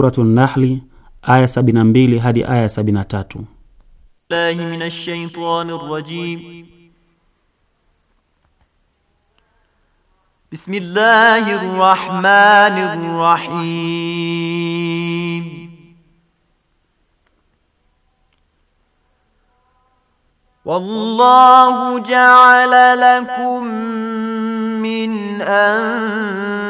Suratu Nahli aya 72 hadi aya 73. Billahi minash shaitani rrajim. Bismillahir rahmanir rahim. والله جعل لكم من أنفسكم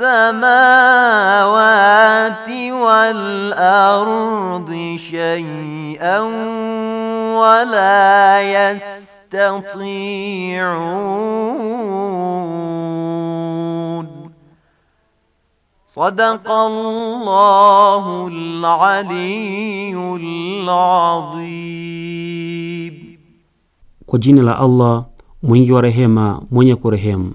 samawati wal ardi shay'an wa la yastati'un. Sadaqallahul aliyyul adhim. Kwa jina la Allah mwingi wa rehema mwenye kurehemu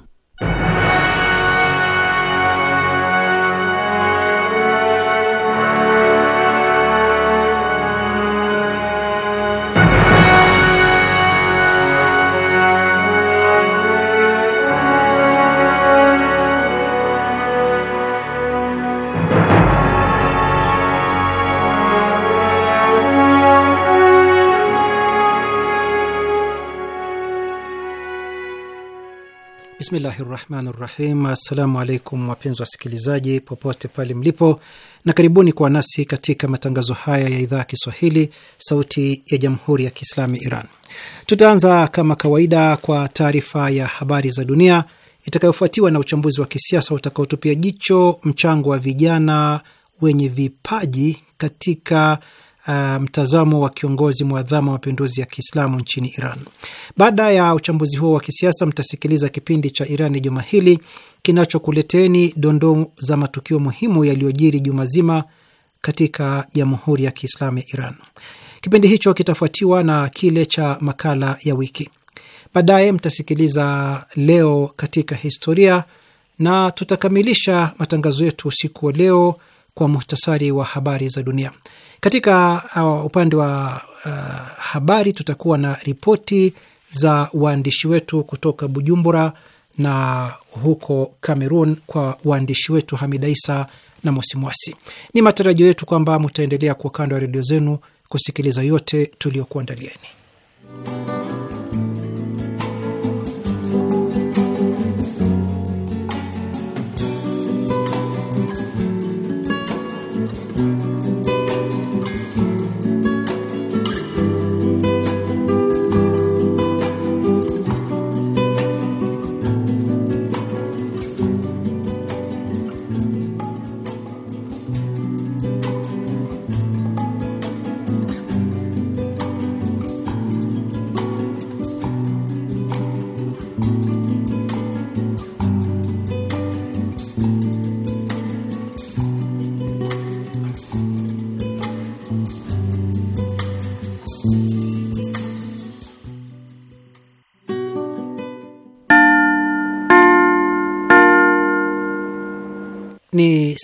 Bismillahi rahmani rahim. Assalamu alaikum wapenzi wasikilizaji popote pale mlipo, na karibuni kwa nasi katika matangazo haya ya idhaa ya Kiswahili sauti ya jamhuri ya Kiislamu Iran. Tutaanza kama kawaida kwa taarifa ya habari za dunia itakayofuatiwa na uchambuzi wa kisiasa utakaotupia jicho mchango wa vijana wenye vipaji katika uh, mtazamo wa kiongozi mwadhama wa mapinduzi ya Kiislamu nchini Iran. Baada ya uchambuzi huo wa kisiasa, mtasikiliza kipindi cha Irani juma hili kinachokuleteni dondoo za matukio muhimu yaliyojiri juma zima katika Jamhuri ya Kiislamu ya Iran. Kipindi hicho kitafuatiwa na kile cha makala ya wiki. Baadaye mtasikiliza leo katika historia na tutakamilisha matangazo yetu usiku wa leo kwa muhtasari wa habari za dunia. Katika uh, upande wa uh, habari tutakuwa na ripoti za waandishi wetu kutoka Bujumbura na huko Cameroon kwa waandishi wetu Hamida Isa na Mwasimwasi. Ni matarajio yetu kwamba mutaendelea kuwa kando ya redio zenu kusikiliza yote tuliokuandalieni.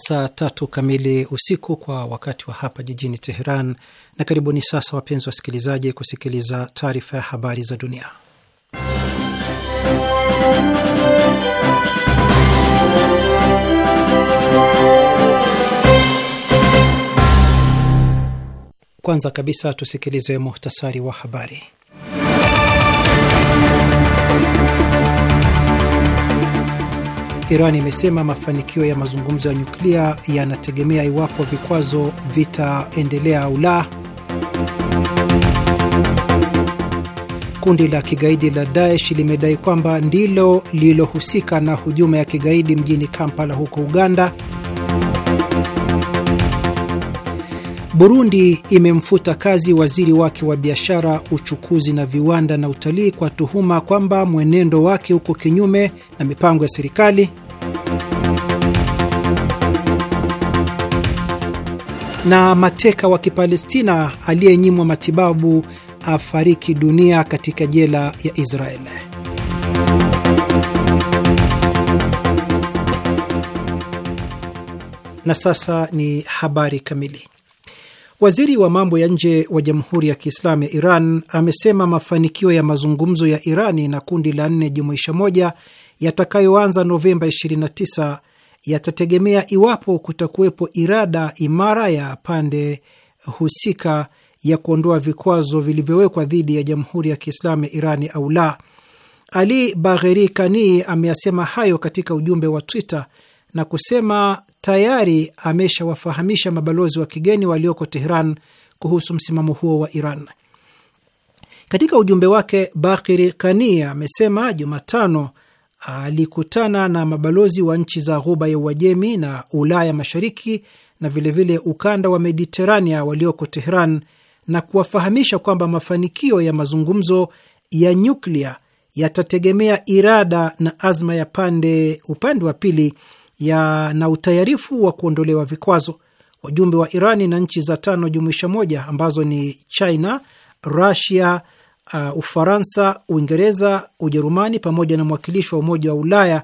saa tatu kamili usiku kwa wakati wa hapa jijini Teheran. Na karibuni sasa, wapenzi wasikilizaji, kusikiliza taarifa ya habari za dunia, kwanza kabisa tusikilize muhtasari wa habari. Iran imesema mafanikio ya mazungumzo ya nyuklia yanategemea iwapo vikwazo vitaendelea au la. Kundi la kigaidi la Daesh limedai kwamba ndilo lililohusika na hujuma ya kigaidi mjini Kampala huko Uganda. Burundi imemfuta kazi waziri wake wa biashara, uchukuzi na viwanda na utalii kwa tuhuma kwamba mwenendo wake uko kinyume na mipango ya serikali. Na mateka wa Kipalestina aliyenyimwa matibabu afariki dunia katika jela ya Israeli. Na sasa ni habari kamili. Waziri wa mambo ya nje wa Jamhuri ya Kiislamu ya Iran amesema mafanikio ya mazungumzo ya Irani na kundi la nne jumuisha moja yatakayoanza Novemba 29 yatategemea iwapo kutakuwepo irada imara ya pande husika ya kuondoa vikwazo vilivyowekwa dhidi ya Jamhuri ya Kiislamu ya Irani au la. Ali Bagheri Kani ameyasema hayo katika ujumbe wa Twitter na kusema tayari ameshawafahamisha mabalozi wa kigeni walioko Tehran kuhusu msimamo huo wa Iran. Katika ujumbe wake, Bakiri Kani amesema Jumatano alikutana na mabalozi wa nchi za Ghuba ya Uajemi na Ulaya Mashariki na vilevile vile ukanda wa Mediterania walioko Tehran na kuwafahamisha kwamba mafanikio ya mazungumzo ya nyuklia yatategemea irada na azma ya pande upande wa pili ya na utayarifu wa kuondolewa vikwazo. Wajumbe wa Irani na nchi za tano jumuisha moja ambazo ni China, Rusia, uh, Ufaransa, Uingereza, Ujerumani pamoja na mwakilishi wa Umoja wa Ulaya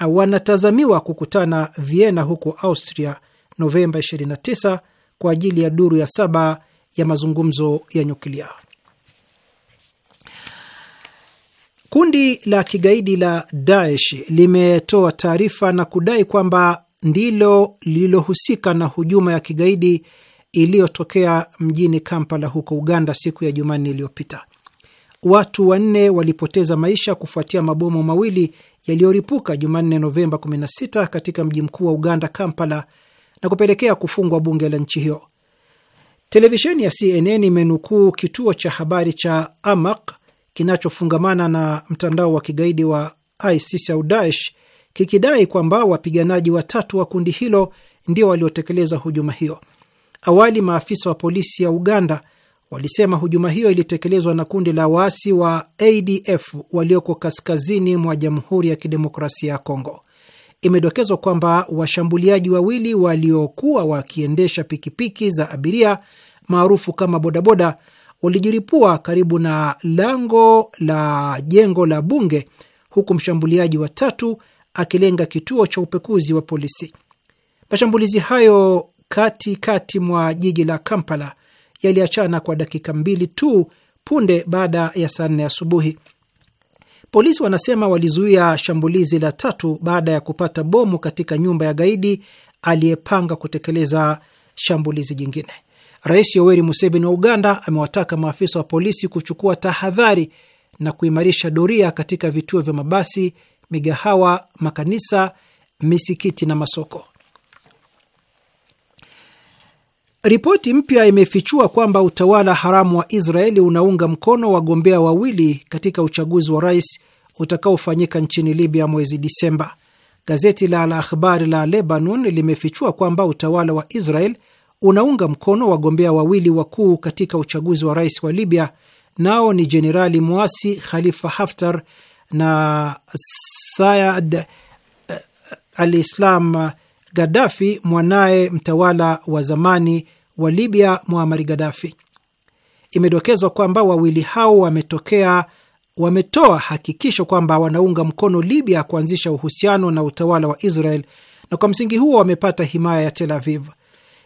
uh, wanatazamiwa kukutana Vienna huko Austria Novemba 29 kwa ajili ya duru ya saba ya mazungumzo ya nyuklia. Kundi la kigaidi la Daesh limetoa taarifa na kudai kwamba ndilo lililohusika na hujuma ya kigaidi iliyotokea mjini Kampala huko Uganda siku ya Jumanne iliyopita. Watu wanne walipoteza maisha kufuatia mabomu mawili yaliyoripuka Jumanne Novemba 16 katika mji mkuu wa Uganda, Kampala, na kupelekea kufungwa bunge la nchi hiyo. Televisheni ya CNN imenukuu kituo cha habari cha Amaq kinachofungamana na mtandao wa kigaidi wa ISIS au Daesh kikidai kwamba wapiganaji watatu wa kundi hilo ndio waliotekeleza hujuma hiyo. Awali maafisa wa polisi ya Uganda walisema hujuma hiyo ilitekelezwa na kundi la waasi wa ADF walioko kaskazini mwa Jamhuri ya Kidemokrasia ya Kongo. Imedokezwa kwamba washambuliaji wawili waliokuwa wakiendesha pikipiki za abiria maarufu kama bodaboda walijiripua karibu na lango la jengo la bunge, huku mshambuliaji wa tatu akilenga kituo cha upekuzi wa polisi. Mashambulizi hayo kati kati mwa jiji la Kampala yaliachana kwa dakika mbili tu punde baada ya saa nne asubuhi. Polisi wanasema walizuia shambulizi la tatu baada ya kupata bomu katika nyumba ya gaidi aliyepanga kutekeleza shambulizi jingine. Rais Yoweri Museveni wa Uganda amewataka maafisa wa polisi kuchukua tahadhari na kuimarisha doria katika vituo vya mabasi, migahawa, makanisa, misikiti na masoko. Ripoti mpya imefichua kwamba utawala haramu wa Israeli unaunga mkono wagombea wawili katika uchaguzi wa rais utakaofanyika nchini Libya mwezi Disemba. Gazeti la Al Akhbar la Lebanon limefichua kwamba utawala wa Israel unaunga mkono wagombea wawili wakuu katika uchaguzi wa rais wa Libya, nao ni jenerali mwasi Khalifa Haftar na Sayad eh, al-Islam Gaddafi, mwanaye mtawala wa zamani wa Libya Muammar Gaddafi. Imedokezwa kwamba wawili hao wametokea wametoa hakikisho kwamba wanaunga mkono Libya kuanzisha uhusiano na utawala wa Israel na kwa msingi huo wamepata himaya ya Tel Aviv.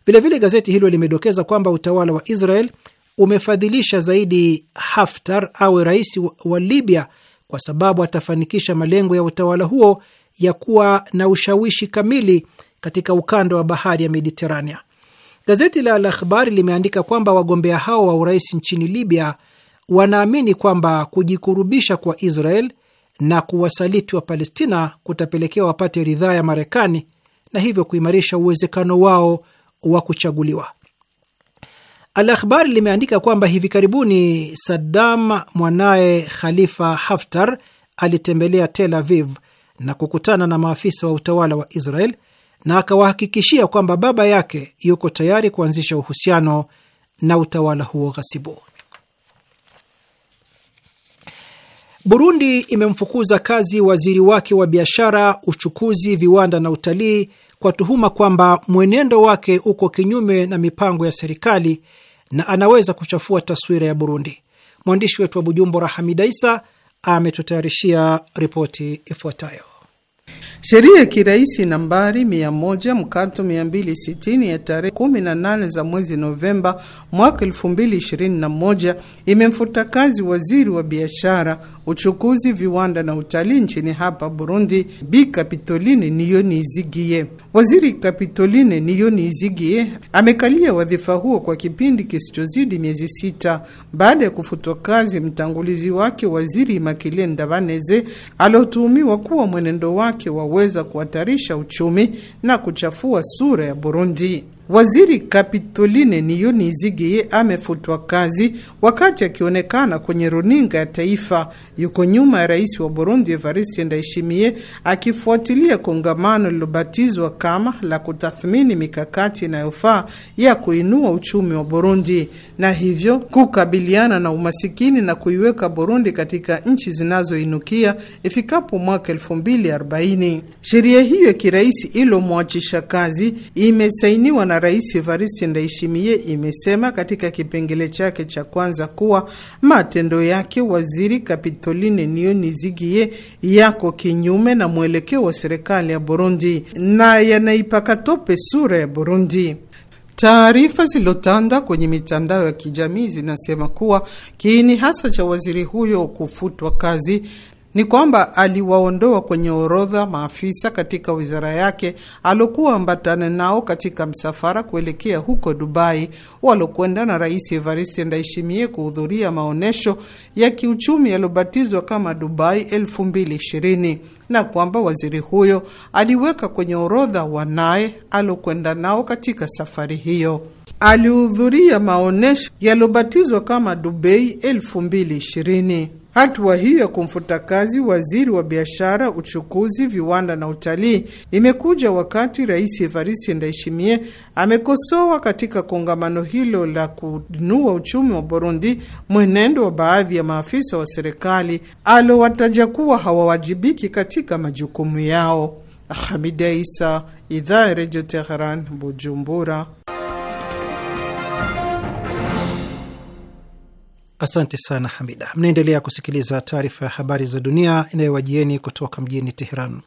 Vilevile gazeti hilo limedokeza kwamba utawala wa Israel umefadhilisha zaidi Haftar awe rais wa Libya kwa sababu atafanikisha malengo ya utawala huo ya kuwa na ushawishi kamili katika ukanda wa bahari ya Mediterania. Gazeti la al limeandika kwamba wagombea hao wa urais nchini Libya wanaamini kwamba kujikurubisha kwa Israel na kuwasaliti wa Palestina kutapelekea wapate ridhaa ya Marekani na hivyo kuimarisha uwezekano wao wa kuchaguliwa. Al Akhbari limeandika kwamba hivi karibuni Saddam mwanaye Khalifa Haftar alitembelea Tel Aviv na kukutana na maafisa wa utawala wa Israel na akawahakikishia kwamba baba yake yuko tayari kuanzisha uhusiano na utawala huo ghasibu. Burundi imemfukuza kazi waziri wake wa biashara, uchukuzi, viwanda na utalii kwa tuhuma kwamba mwenendo wake uko kinyume na mipango ya serikali na anaweza kuchafua taswira ya Burundi. Mwandishi wetu wa Bujumbura, Hamida Isa, ametutayarishia ripoti ifuatayo. Sheria ya kiraisi nambari 100 mkato 260 ya tarehe 18 za mwezi Novemba mwaka 2021 imemfuta kazi waziri wa biashara, uchukuzi, viwanda na utalii nchini hapa Burundi, Bi Kapitoline Niyonizigiye. Waziri Kapitoline nioni Izigie amekalia wadhifa huo kwa kipindi kisichozidi miezi sita baada ya kufutwa kazi mtangulizi wake Waziri Makile Ndavaneze aliotuhumiwa kuwa mwenendo wake waweza kuhatarisha uchumi na kuchafua sura ya Burundi. Waziri Kapitoline Niyonizigiye amefutwa kazi wakati akionekana kwenye runinga ya taifa. Yuko nyuma ya rais wa Burundi Evariste Ndayishimiye akifuatilia kongamano lilobatizwa kama la kutathmini mikakati inayofaa ya kuinua uchumi wa Burundi na hivyo kukabiliana na umasikini na kuiweka Burundi katika nchi zinazoinukia ifikapo mwaka 2040. Sheria hiyo ya kiraisi ilomwachisha kazi imesainiwa na Rais Evariste Ndayishimiye imesema katika kipengele chake cha kwanza kuwa matendo yake Waziri Kapitoline Nionizigiye yako kinyume na mwelekeo wa serikali ya Burundi na yanaipaka tope sura ya Burundi. Taarifa zilizotanda kwenye mitandao ya kijamii zinasema kuwa kiini hasa cha waziri huyo kufutwa kazi ni kwamba aliwaondoa kwenye orodha maafisa katika wizara yake aliokuwa ambatana nao katika msafara kuelekea huko Dubai, walokwenda na Rais Evariste Ndayishimiye kuhudhuria maonyesho ya kiuchumi yaliyobatizwa kama Dubai 2020 na kwamba waziri huyo aliweka kwenye orodha wanaye aliokwenda nao katika safari hiyo. Alihudhuria maonyesho yaliyobatizwa kama Dubai 2020. Hatua hiyo ya kumfuta kazi waziri wa biashara, uchukuzi, viwanda na utalii imekuja wakati Rais Evariste Ndayishimiye amekosoa katika kongamano hilo la kuinua uchumi wa Burundi mwenendo wa baadhi ya maafisa wa serikali alowataja kuwa hawawajibiki katika majukumu yao. Hamida Isa, idhaa ya redio Teheran, Bujumbura. Asante sana Hamida. Mnaendelea kusikiliza taarifa ya habari za dunia inayowajieni kutoka mjini Teheran.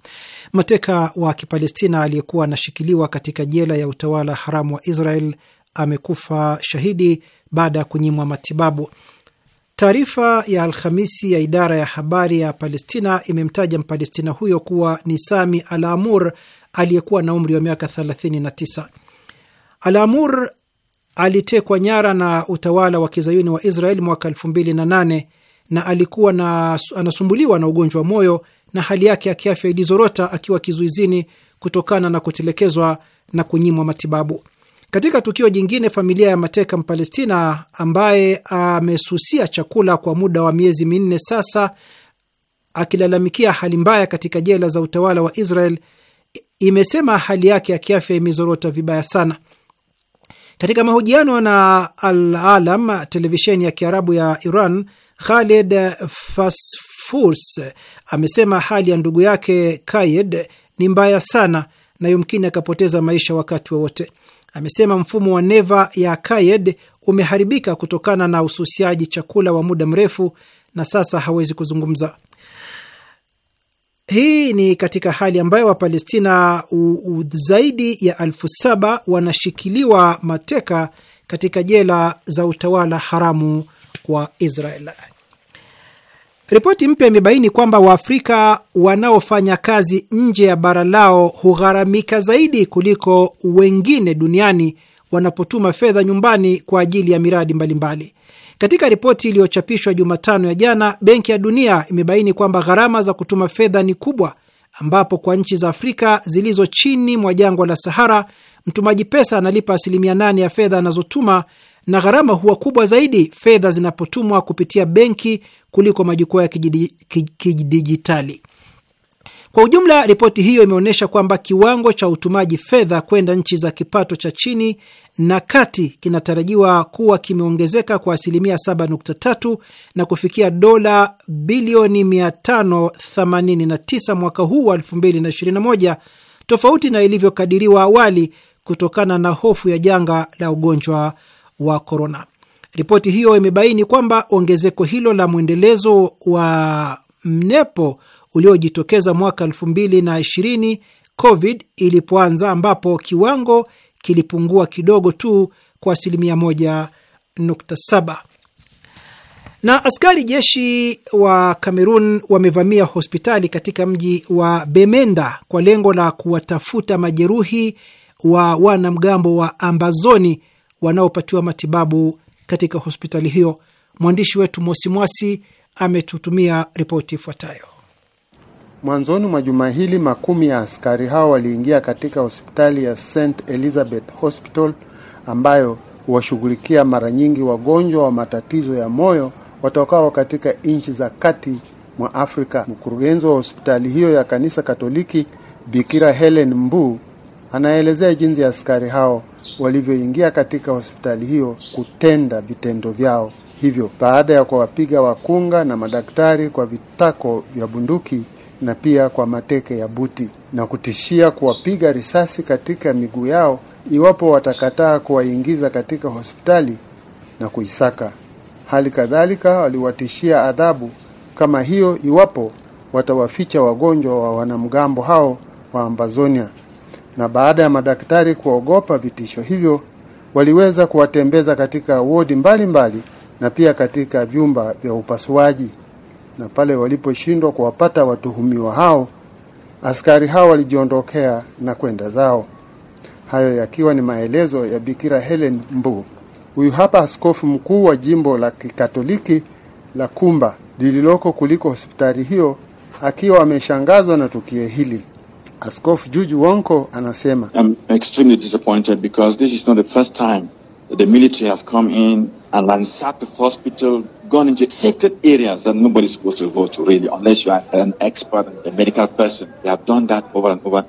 Mateka wa Kipalestina aliyekuwa anashikiliwa katika jela ya utawala haramu wa Israel amekufa shahidi baada ya kunyimwa matibabu. Taarifa ya Alhamisi ya idara ya habari ya Palestina imemtaja Mpalestina huyo kuwa ni Sami Alamur aliyekuwa na umri wa miaka 39. Alamur alitekwa nyara na utawala wa kizayuni wa Israel mwaka nane na alikuwa na, anasumbuliwa na ugonjwa wa moyo na hali yake ya kiafya ilizorota akiwa kizuizini kutokana na kutelekezwa na kunyimwa matibabu. Katika tukio jingine, familia ya mateka Mpalestina ambaye amesusia chakula kwa muda wa miezi minne sasa, akilalamikia hali mbaya katika jela za utawala wa Israel, imesema hali yake ya kiafya imezorota vibaya sana. Katika mahojiano na Al Alam, televisheni ya Kiarabu ya Iran, Khalid Fasfurs amesema hali ya ndugu yake Kayed ni mbaya sana na yumkini akapoteza maisha wakati wowote amesema mfumo wa neva ya Kayed umeharibika kutokana na ususiaji chakula wa muda mrefu na sasa hawezi kuzungumza. Hii ni katika hali ambayo Wapalestina zaidi ya elfu saba wanashikiliwa mateka katika jela za utawala haramu wa Israel. Ripoti mpya imebaini kwamba Waafrika wanaofanya kazi nje ya bara lao hugharamika zaidi kuliko wengine duniani wanapotuma fedha nyumbani kwa ajili ya miradi mbalimbali mbali. Katika ripoti iliyochapishwa Jumatano ya jana, Benki ya Dunia imebaini kwamba gharama za kutuma fedha ni kubwa, ambapo kwa nchi za Afrika zilizo chini mwa jangwa la Sahara mtumaji pesa analipa asilimia nane ya fedha anazotuma na gharama huwa kubwa zaidi fedha zinapotumwa kupitia benki kuliko majukwaa ya kidijitali. Kwa ujumla, ripoti hiyo imeonyesha kwamba kiwango cha utumaji fedha kwenda nchi za kipato cha chini na kati kinatarajiwa kuwa kimeongezeka kwa asilimia 7.3 na kufikia dola bilioni 589 mwaka huu wa 2021 tofauti na ilivyokadiriwa awali kutokana na hofu ya janga la ugonjwa wa korona. Ripoti hiyo imebaini kwamba ongezeko hilo la mwendelezo wa mnepo uliojitokeza mwaka 2020 COVID ilipoanza, ambapo kiwango kilipungua kidogo tu kwa asilimia 1.7. Na askari jeshi wa Kamerun wamevamia hospitali katika mji wa Bemenda kwa lengo la kuwatafuta majeruhi wa wanamgambo wa Ambazoni wanaopatiwa matibabu katika hospitali hiyo. Mwandishi wetu Mosimwasi ametutumia ripoti ifuatayo. Mwanzoni mwa juma hili makumi ya askari hao waliingia katika hospitali ya St Elizabeth Hospital ambayo huwashughulikia mara nyingi wagonjwa wa matatizo ya moyo watokao katika nchi za kati mwa Afrika. Mkurugenzi wa hospitali hiyo ya kanisa Katoliki Bikira Helen Mbu anaelezea jinsi askari hao walivyoingia katika hospitali hiyo kutenda vitendo vyao hivyo baada ya kuwapiga wakunga na madaktari kwa vitako vya bunduki na pia kwa mateke ya buti na kutishia kuwapiga risasi katika miguu yao iwapo watakataa kuwaingiza katika hospitali na kuisaka. Hali kadhalika waliwatishia adhabu kama hiyo iwapo watawaficha wagonjwa wa wanamgambo hao wa Ambazonia. Na baada ya madaktari kuogopa vitisho hivyo, waliweza kuwatembeza katika wodi mbalimbali mbali, na pia katika vyumba vya upasuaji na pale waliposhindwa kuwapata watuhumiwa hao, askari hao walijiondokea na kwenda zao. Hayo yakiwa ni maelezo ya Bikira Helen Mbu. Huyu hapa askofu mkuu wa jimbo la Kikatoliki la Kumba lililoko kuliko hospitali hiyo, akiwa ameshangazwa na tukio hili. Askofu Juju Wonko anasema, I'm extremely disappointed because this is not the first time that the military has come in and ransacked the hospital gone into sacred areas that nobody's supposed to go to, really, unless you are an expert and a medical person. They have done that over and over.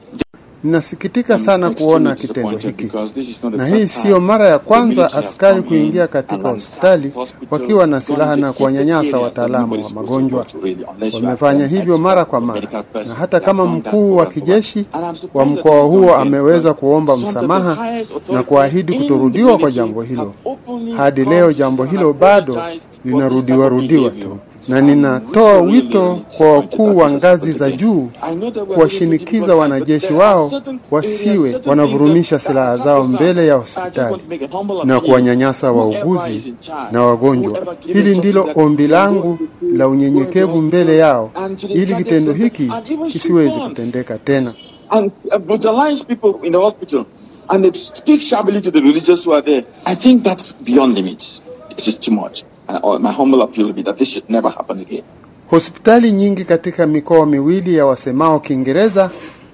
Ninasikitika sana kuona kitendo hiki, na hii siyo mara ya kwanza askari kuingia katika hospitali wakiwa na silaha na kuwanyanyasa wataalamu wa magonjwa. Wamefanya hivyo mara kwa mara, na hata kama mkuu wa kijeshi wa mkoa huo ameweza kuomba msamaha na kuahidi kutorudiwa kwa jambo hilo, hadi leo jambo hilo bado linarudiwarudiwa tu na ninatoa wito kwa wakuu wa ngazi za juu kuwashinikiza wanajeshi wao wasiwe wanavurumisha silaha zao mbele ya hospitali na kuwanyanyasa wauguzi na wagonjwa. Hili ndilo ombi langu la unyenyekevu mbele yao, ili kitendo hiki kisiwezi kutendeka tena. And uh, sharply to the religious who are there. I think that's beyond limits. too much my humble appeal will be that this should never happen again. Hospitali nyingi katika mikoa miwili ya wasemao Kiingereza,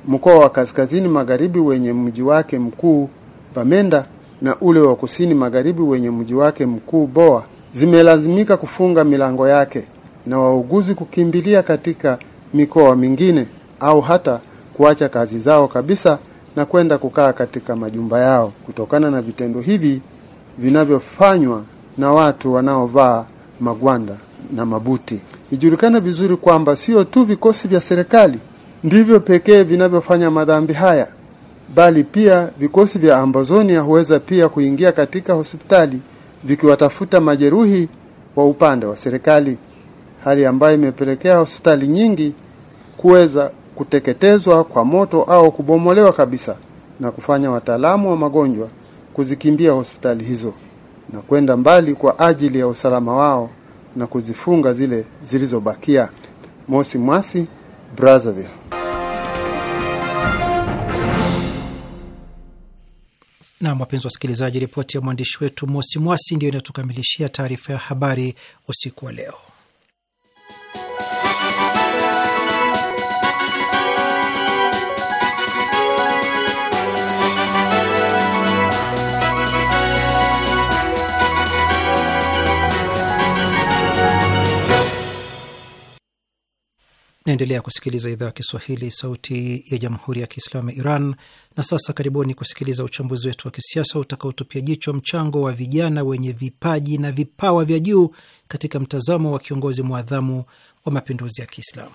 mkoa wa kaskazini magharibi wenye mji wake mkuu Bamenda na ule wa kusini magharibi wenye mji wake mkuu Boa, zimelazimika kufunga milango yake na wauguzi kukimbilia katika mikoa mingine au hata kuacha kazi zao kabisa na kwenda kukaa katika majumba yao kutokana na vitendo hivi vinavyofanywa na watu wanaovaa magwanda na mabuti. Ijulikane vizuri kwamba sio tu vikosi vya serikali ndivyo pekee vinavyofanya madhambi haya, bali pia vikosi vya Ambazonia huweza pia kuingia katika hospitali vikiwatafuta majeruhi wa upande wa serikali, hali ambayo imepelekea hospitali nyingi kuweza kuteketezwa kwa moto au kubomolewa kabisa na kufanya wataalamu wa magonjwa kuzikimbia hospitali hizo na kwenda mbali kwa ajili ya usalama wao na kuzifunga zile zilizobakia. Mosi Mwasi, Brazzaville. Nam, wapenzi wasikilizaji, ripoti ya mwandishi wetu Mosi Mwasi ndio inatukamilishia taarifa ya habari usiku wa leo. Naendelea kusikiliza idhaa ya Kiswahili, sauti ya jamhuri ya kiislamu ya Iran. Na sasa karibuni kusikiliza uchambuzi wetu wa kisiasa utakaotupia jicho mchango wa vijana wenye vipaji na vipawa vya juu katika mtazamo wa kiongozi mwadhamu wa mapinduzi ya Kiislamu.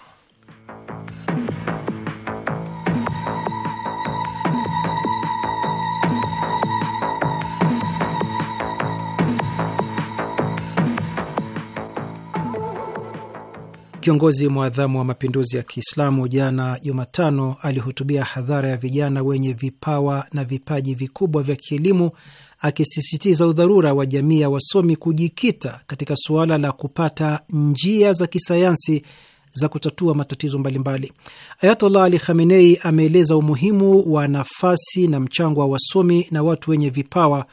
Kiongozi mwadhamu wa mapinduzi ya Kiislamu jana Jumatano alihutubia hadhara ya vijana wenye vipawa na vipaji vikubwa vya kielimu, akisisitiza udharura wa jamii ya wasomi kujikita katika suala la kupata njia za kisayansi za kutatua matatizo mbalimbali. Ayatollah Ali Khamenei ameeleza umuhimu wa nafasi na mchango wa wasomi na watu wenye vipawa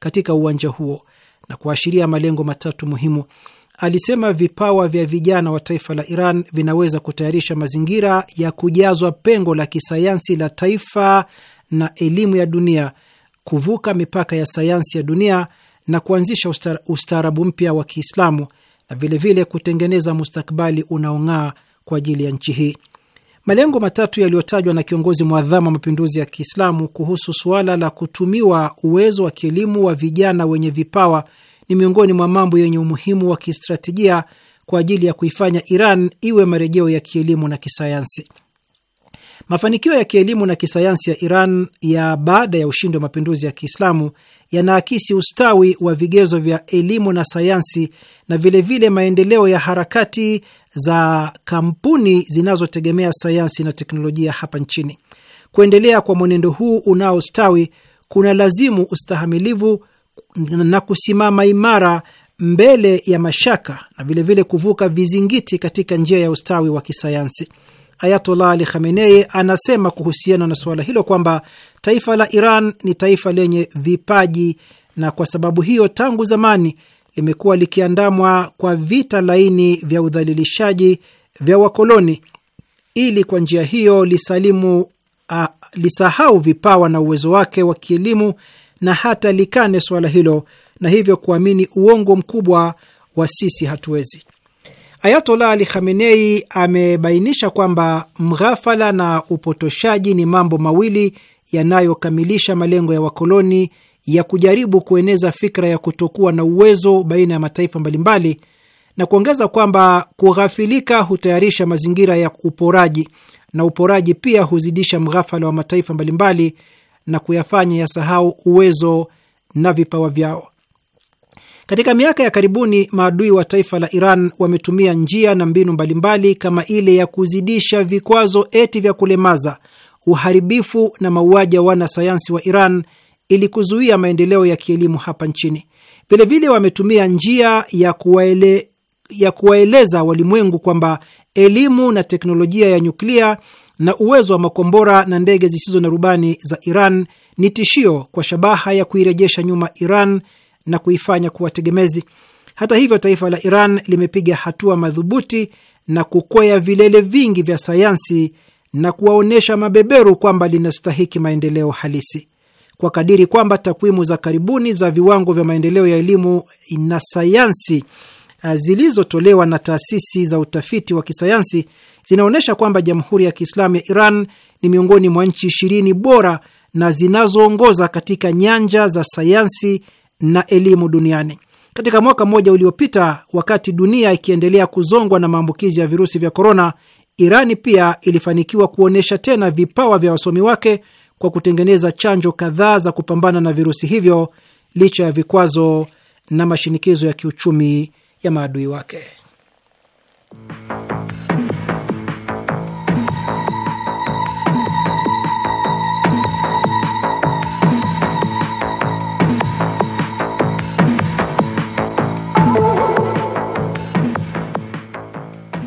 katika uwanja huo na kuashiria malengo matatu muhimu alisema vipawa vya vijana wa taifa la Iran vinaweza kutayarisha mazingira ya kujazwa pengo la kisayansi la taifa na elimu ya dunia, kuvuka mipaka ya sayansi ya dunia na kuanzisha ustaarabu mpya wa Kiislamu na vilevile vile kutengeneza mustakbali unaong'aa kwa ajili ya nchi hii. Malengo matatu yaliyotajwa na kiongozi mwadhama wa mapinduzi ya Kiislamu kuhusu suala la kutumiwa uwezo wa kielimu wa vijana wenye vipawa ni miongoni mwa mambo yenye umuhimu wa kistratejia kwa ajili ya kuifanya Iran iwe marejeo ya kielimu na kisayansi. Mafanikio ya kielimu na kisayansi ya Iran ya baada ya ushindi wa mapinduzi ya Kiislamu yanaakisi ustawi wa vigezo vya elimu na sayansi na vilevile vile maendeleo ya harakati za kampuni zinazotegemea sayansi na teknolojia hapa nchini. Kuendelea kwa mwenendo huu unaostawi kuna lazimu ustahamilivu, na kusimama imara mbele ya mashaka na vilevile vile kuvuka vizingiti katika njia ya ustawi wa kisayansi. Ayatollah Ali Khamenei anasema kuhusiana na suala hilo kwamba taifa la Iran ni taifa lenye vipaji, na kwa sababu hiyo tangu zamani limekuwa likiandamwa kwa vita laini vya udhalilishaji vya wakoloni, ili kwa njia hiyo lisalimu, a, lisahau vipawa na uwezo wake wa kielimu na hata likane swala hilo na hivyo kuamini uongo mkubwa wa sisi hatuwezi. Ayatollah Ali Khamenei amebainisha kwamba mghafala na upotoshaji ni mambo mawili yanayokamilisha malengo ya wakoloni ya kujaribu kueneza fikra ya kutokuwa na uwezo baina ya mataifa mbalimbali, na kuongeza kwamba kughafilika hutayarisha mazingira ya uporaji na uporaji pia huzidisha mghafala wa mataifa mbalimbali na kuyafanya yasahau uwezo na vipawa vyao. Katika miaka ya karibuni maadui wa taifa la Iran wametumia njia na mbinu mbalimbali kama ile ya kuzidisha vikwazo eti vya kulemaza, uharibifu na mauaji ya wanasayansi wa Iran ili kuzuia maendeleo ya kielimu hapa nchini. Vilevile wametumia njia ya kuwaele, ya kuwaeleza walimwengu kwamba elimu na teknolojia ya nyuklia na uwezo wa makombora na ndege zisizo na rubani za Iran ni tishio kwa shabaha ya kuirejesha nyuma Iran na kuifanya kuwa tegemezi. Hata hivyo, taifa la Iran limepiga hatua madhubuti na kukwea vilele vingi vya sayansi na kuwaonyesha mabeberu kwamba linastahiki maendeleo halisi kwa kadiri kwamba takwimu za karibuni za viwango vya maendeleo ya elimu na sayansi Uh, zilizotolewa na taasisi za utafiti wa kisayansi zinaonyesha kwamba Jamhuri ya Kiislamu ya Iran ni miongoni mwa nchi ishirini bora na zinazoongoza katika nyanja za sayansi na elimu duniani. Katika mwaka mmoja uliopita, wakati dunia ikiendelea kuzongwa na maambukizi ya virusi vya korona, Irani pia ilifanikiwa kuonyesha tena vipawa vya wasomi wake kwa kutengeneza chanjo kadhaa za kupambana na virusi hivyo licha ya vikwazo na mashinikizo ya kiuchumi ya maadui wake.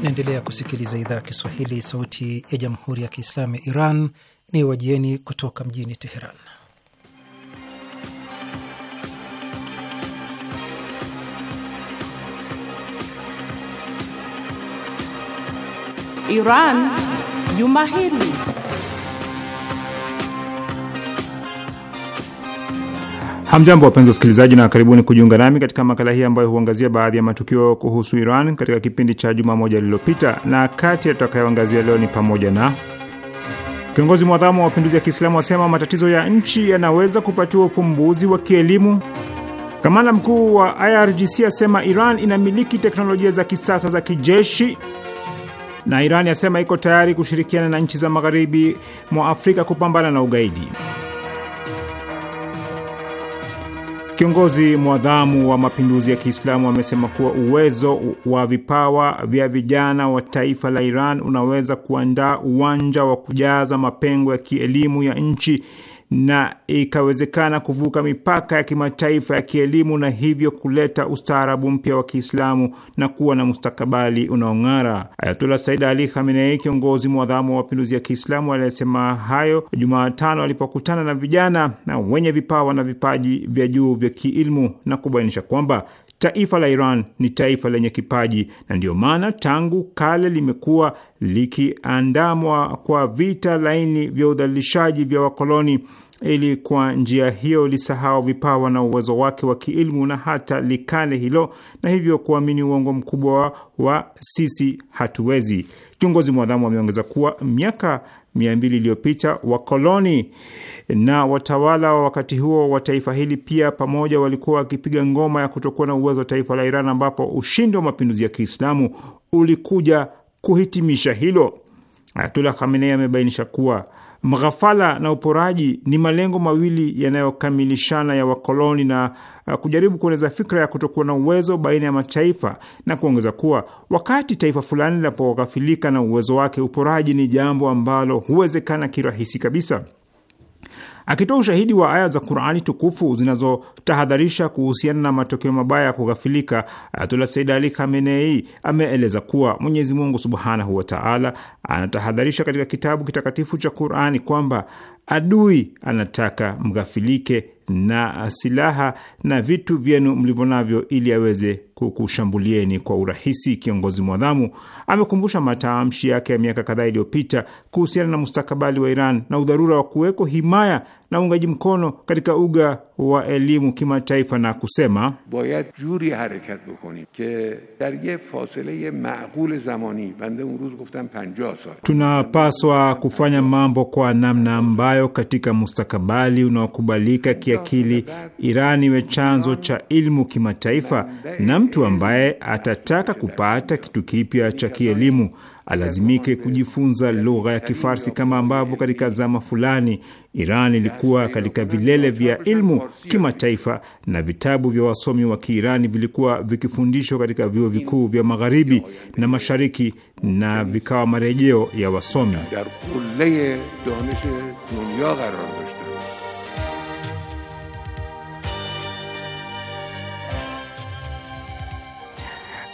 Naendelea kusikiliza idhaa ya Kiswahili, sauti ya jamhuri ya kiislamu ya Iran. Ni wajieni kutoka mjini Teheran. Iran juma hili. Hamjambo, wapenzi wasikilizaji, na karibuni kujiunga nami katika makala hii ambayo huangazia baadhi ya matukio kuhusu Iran katika kipindi cha juma moja lililopita, na kati ya tutakayoangazia leo ni pamoja na kiongozi mwadhamu wa mapinduzi ya Kiislamu asema matatizo ya nchi yanaweza kupatiwa ufumbuzi wa kielimu. Kamanda mkuu wa IRGC asema Iran inamiliki teknolojia za kisasa za kijeshi na Iran yasema iko tayari kushirikiana na nchi za magharibi mwa Afrika kupambana na ugaidi. Kiongozi mwadhamu wa mapinduzi ya Kiislamu amesema kuwa uwezo wa vipawa vya vijana wa taifa la Iran unaweza kuandaa uwanja wa kujaza mapengo ya kielimu ya nchi na ikawezekana kuvuka mipaka ya kimataifa ya kielimu na hivyo kuleta ustaarabu mpya wa Kiislamu na kuwa na mustakabali unaong'ara. ayatula Said Ali Khamenei, kiongozi mwadhamu wa mapinduzi ya Kiislamu, aliyesema hayo Jumatano alipokutana na vijana na wenye vipawa na vipaji vya juu vya kiilmu na kubainisha kwamba Taifa la Iran ni taifa lenye kipaji na ndiyo maana tangu kale limekuwa likiandamwa kwa vita laini vya udhalilishaji vya wakoloni, ili kwa njia hiyo lisahau vipawa na uwezo wake wa kiilmu na hata likale hilo, na hivyo kuamini uongo mkubwa wa, wa sisi hatuwezi. Kiongozi mwadhamu ameongeza kuwa miaka mia mbili iliyopita wakoloni na watawala wa wakati huo wa taifa hili pia pamoja walikuwa wakipiga ngoma ya kutokuwa na uwezo wa taifa la Iran, ambapo ushindi wa mapinduzi ya Kiislamu ulikuja kuhitimisha hilo. Ayatullah Khamenei amebainisha kuwa Mghafala na uporaji ni malengo mawili yanayokamilishana ya wakoloni na uh, kujaribu kueneza fikra ya kutokuwa na uwezo baina ya mataifa, na kuongeza kuwa wakati taifa fulani linapoghafilika na uwezo wake, uporaji ni jambo ambalo huwezekana kirahisi kabisa. Akitoa ushahidi wa aya za Qurani tukufu zinazotahadharisha kuhusiana na matokeo mabaya ya kughafilika, Ayatullah Said Ali Khamenei ameeleza kuwa Mwenyezi Mungu subhanahu wataala anatahadharisha katika kitabu kitakatifu cha Qurani kwamba adui anataka mghafilike na silaha na vitu vyenu mlivyo navyo ili aweze kukushambulieni kwa urahisi. Kiongozi mwadhamu amekumbusha matamshi yake ya miaka kadhaa iliyopita kuhusiana na mustakabali wa Iran na udharura wa kuwekwa himaya na uungaji mkono katika uga wa elimu kimataifa na kusema, boyad juri harakat bokonim ke dar ye fasile maqul zamani bande goftam 50 sal, tunapaswa kufanya mambo kwa namna ambayo katika mustakabali unaokubalika kia kiakili, Iran iwe chanzo cha ilmu kimataifa, na mtu ambaye atataka kupata kitu kipya cha kielimu alazimike kujifunza lugha ya Kifarsi kama ambavyo katika zama fulani Iran ilikuwa katika vilele vya ilmu kimataifa na vitabu vya wasomi wa Kiirani vilikuwa vikifundishwa katika vyuo vikuu vya magharibi na mashariki na vikawa marejeo ya wasomi.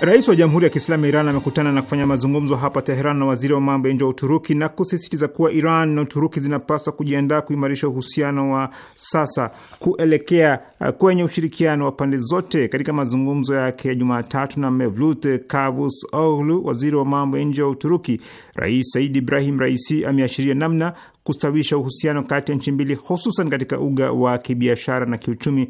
Rais wa Jamhuri ya Kiislamu ya Iran amekutana na kufanya mazungumzo hapa Teheran na waziri wa mambo ya nje wa Uturuki na kusisitiza kuwa Iran na Uturuki zinapaswa kujiandaa kuimarisha uhusiano wa sasa kuelekea uh, kwenye ushirikiano wa pande zote. Katika mazungumzo yake ya Jumatatu na Mevlut Cavusoglu, waziri wa mambo ya nje wa Uturuki, Rais Said Ibrahim Raisi ameashiria namna kustawisha uhusiano kati ya nchi mbili, hususan katika uga wa kibiashara na kiuchumi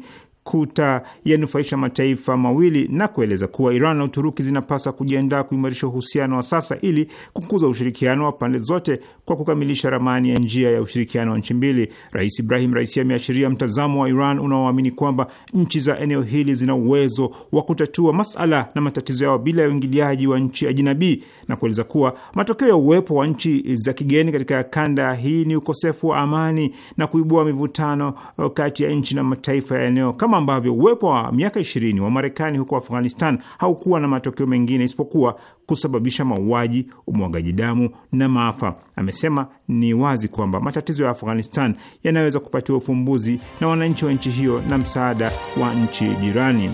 kutayanufaisha mataifa mawili na kueleza kuwa Iran na Uturuki zinapaswa kujiandaa kuimarisha uhusiano wa sasa ili kukuza ushirikiano wa pande zote kwa kukamilisha ramani ya njia ya ushirikiano wa nchi mbili. Rais Ibrahim Raisi ameashiria mtazamo wa Iran unaoamini kwamba nchi za eneo hili zina uwezo wa kutatua masala na matatizo yao bila ya uingiliaji wa nchi ajinabii na kueleza kuwa matokeo ya uwepo wa nchi za kigeni katika kanda hii ni ukosefu wa amani na kuibua mivutano uh, kati ya nchi na mataifa ya eneo kama kama ambavyo uwepo wa miaka ishirini wa Marekani huko Afghanistan haukuwa na matokeo mengine isipokuwa kusababisha mauaji, umwagaji damu na maafa. Amesema ni wazi kwamba matatizo ya Afghanistan yanaweza kupatiwa ufumbuzi na wananchi wa nchi hiyo na msaada wa nchi jirani.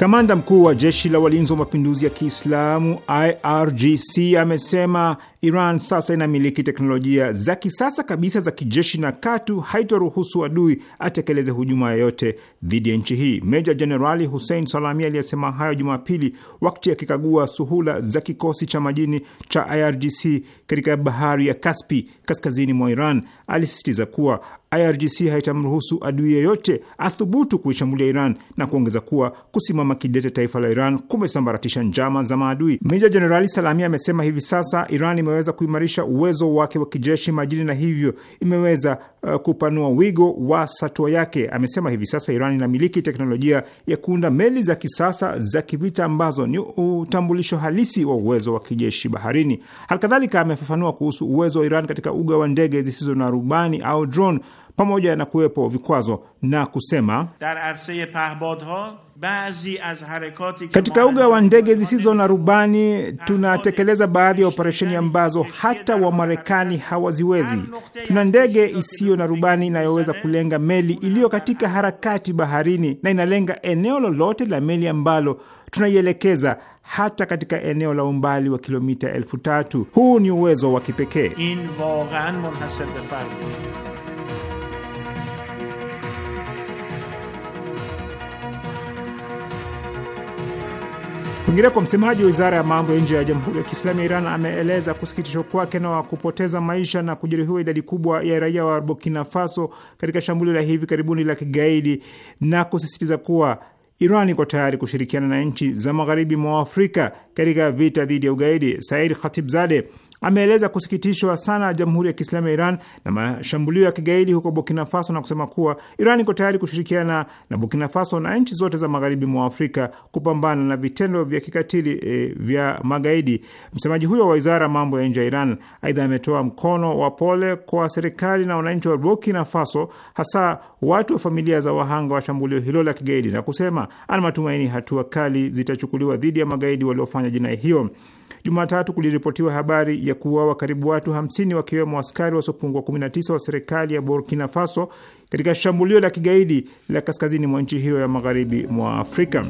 Kamanda mkuu wa jeshi la walinzi wa mapinduzi ya Kiislamu IRGC amesema Iran sasa inamiliki teknolojia za kisasa kabisa za kijeshi na katu haitoruhusu adui atekeleze hujuma yoyote dhidi ya nchi hii. Meja Jenerali Hussein Salami aliyesema hayo Jumapili wakati akikagua suhula za kikosi cha majini cha IRGC katika bahari ya Kaspi kaskazini mwa Iran alisisitiza kuwa IRGC haitamruhusu adui yeyote athubutu kuishambulia Iran na kuongeza kuwa kusimama kidete taifa la Iran kumesambaratisha njama za maadui. Meja Jenerali Salami amesema hivi sasa Iran imeweza kuimarisha uwezo wake wa kijeshi majini na hivyo imeweza uh, kupanua wigo wa satwa yake. Amesema hivi sasa Iran inamiliki teknolojia ya kuunda meli za kisasa za kivita ambazo ni utambulisho halisi wa uwezo wa kijeshi baharini. Halikadhalika, amefafanua kuhusu uwezo wa Iran katika uga wa ndege zisizo na rubani au drone, pamoja na kuwepo vikwazo na kusema dar baadhi az harakati katika uga wa ndege zisizo na rubani. Tunatekeleza baadhi ya operesheni ambazo hata Wamarekani hawaziwezi. Tuna ndege isiyo na rubani inayoweza kulenga meli iliyo katika harakati baharini na inalenga eneo lolote la meli ambalo tunaielekeza hata katika eneo la umbali wa kilomita elfu tatu. Huu ni uwezo wa kipekee. kwa msemaji wa wizara ya mambo ya nje ya Jamhuri ya Kiislamu ya Iran ameeleza kusikitishwa kwake na wa kupoteza maisha na kujeruhiwa idadi kubwa ya raia wa Burkina Faso katika shambulio la hivi karibuni la kigaidi na kusisitiza kuwa Iran iko tayari kushirikiana na nchi za magharibi mwa Afrika katika vita dhidi ya ugaidi. Said Khatibzade ameeleza kusikitishwa sana Jamhuri ya Kiislamu ya Iran na mashambulio ya kigaidi huko Burkina Faso na kusema kuwa Iran iko tayari kushirikiana na Burkina Faso na nchi zote za magharibi mwa Afrika kupambana na vitendo vya kikatili e, vya magaidi. Msemaji huyo wa wizara mambo ya nje ya Iran aidha ametoa mkono wa pole kwa serikali na wananchi wa Burkina Faso, hasa watu wa familia za wahanga wa shambulio hilo la kigaidi na kusema ana matumaini hatua kali zitachukuliwa dhidi ya magaidi waliofanya jinai hiyo. Jumatatu kuliripotiwa habari ya kuuawa karibu watu 50 wakiwemo askari wasiopungua 19 wa serikali ya Burkina Faso katika shambulio la kigaidi la kaskazini mwa nchi hiyo ya magharibi mwa Afrika.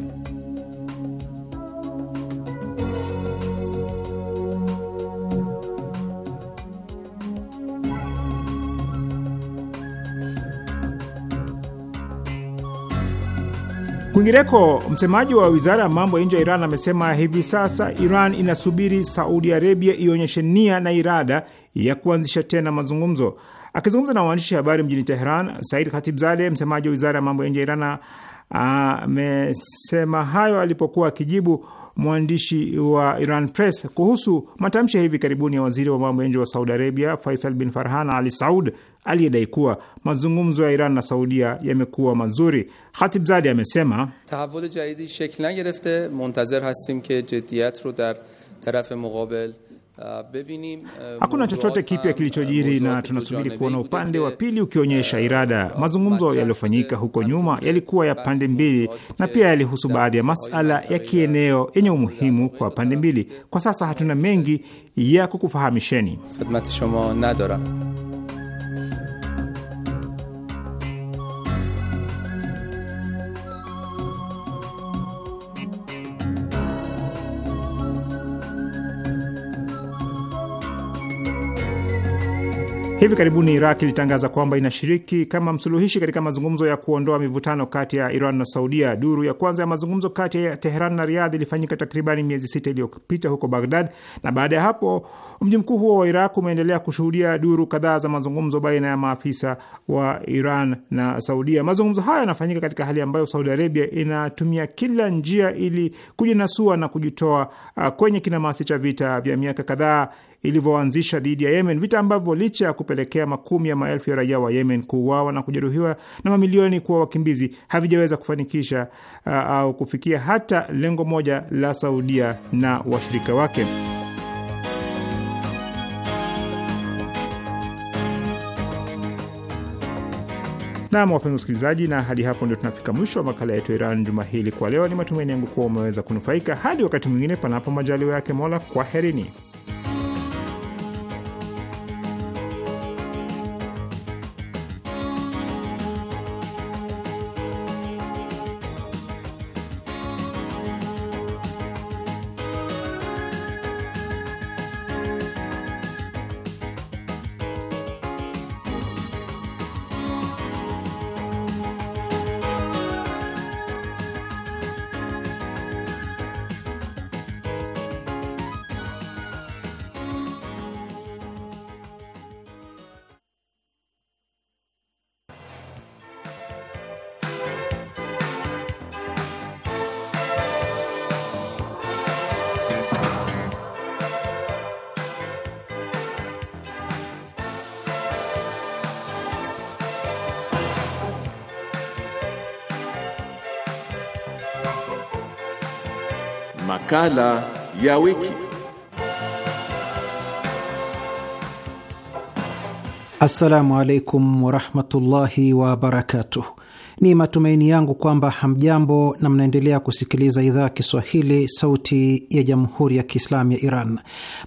Kwingineko, msemaji wa wizara ya mambo ya nje ya Iran amesema hivi sasa Iran inasubiri Saudi Arabia ionyeshe nia na irada ya kuanzisha tena mazungumzo. Akizungumza na waandishi habari mjini Teheran, Said Khatibzadeh, msemaji wa wizara ya mambo ya nje ya Iran, amesema hayo alipokuwa akijibu mwandishi wa Iran Press kuhusu matamshi ya hivi karibuni ya waziri wa mambo ya nje wa Saudi Arabia Faisal bin Farhan Ali Saud aliyedai kuwa mazungumzo ya Iran na Saudia yamekuwa mazuri. Zadi amesema tahavul jadidi shekl nagerefte muntazir hastim ke jiddiyat ro dar taraf muqabil Hakuna chochote kipya kilichojiri na tunasubiri kuona upande wa pili ukionyesha irada. Mazungumzo yaliyofanyika huko nyuma yalikuwa ya pande mbili na pia yalihusu baadhi ya masala ya kieneo yenye umuhimu kwa pande mbili. Kwa sasa hatuna mengi ya kukufahamisheni. Hivi karibuni Iraq ilitangaza kwamba inashiriki kama msuluhishi katika mazungumzo ya kuondoa mivutano kati ya Iran na Saudia. Duru ya kwanza ya mazungumzo kati ya Teheran na riadh ilifanyika takribani miezi sita iliyopita huko Baghdad, na baada ya hapo mji mkuu huo wa Iraq umeendelea kushuhudia duru kadhaa za mazungumzo baina ya maafisa wa Iran na Saudia. Mazungumzo hayo yanafanyika katika hali ambayo Saudi Arabia inatumia kila njia ili kujinasua na kujitoa uh, kwenye kinamasi cha vita vya miaka kadhaa ilivyoanzisha dhidi ya Yemen, vita ambavyo licha ya kupelekea makumi ya maelfu ya raia wa Yemen kuuawa na kujeruhiwa na mamilioni kuwa wakimbizi, havijaweza kufanikisha uh, au kufikia hata lengo moja la Saudia na washirika wake. Nam, wapenzi wasikilizaji, na hadi hapo ndio tunafika mwisho wa makala yetu Iran juma hili. Kwa leo, ni matumaini yangu kuwa umeweza kunufaika. Hadi wakati mwingine, panapo majaliwa yake Mola, kwaherini. Makala ya wiki. Assalamu alaikum warahmatullahi wabarakatuh. Ni matumaini yangu kwamba hamjambo na mnaendelea kusikiliza idhaa ya Kiswahili, sauti ya jamhuri ya kiislamu ya Iran.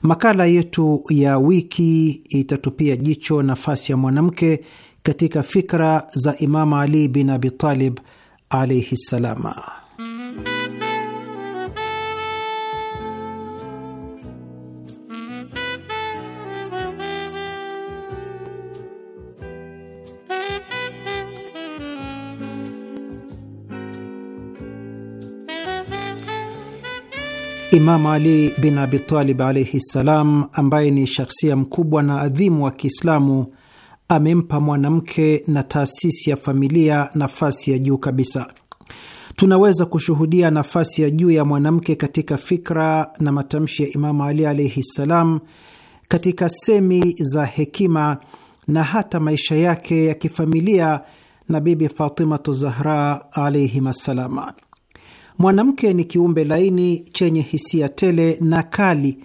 Makala yetu ya wiki itatupia jicho nafasi ya mwanamke katika fikra za Imama Ali bin Abi Talib alaihi ssalama. Imamu Ali bin Abitalib alaihi ssalam, ambaye ni shakhsia mkubwa na adhimu wa Kiislamu, amempa mwanamke na taasisi ya familia nafasi ya juu kabisa. Tunaweza kushuhudia nafasi ya juu ya mwanamke katika fikra na matamshi ya Imamu Ali alaihi ssalam, katika semi za hekima na hata maisha yake ya kifamilia na Bibi Fatimatu Zahra alaihim assalama. Mwanamke ni kiumbe laini chenye hisia tele na kali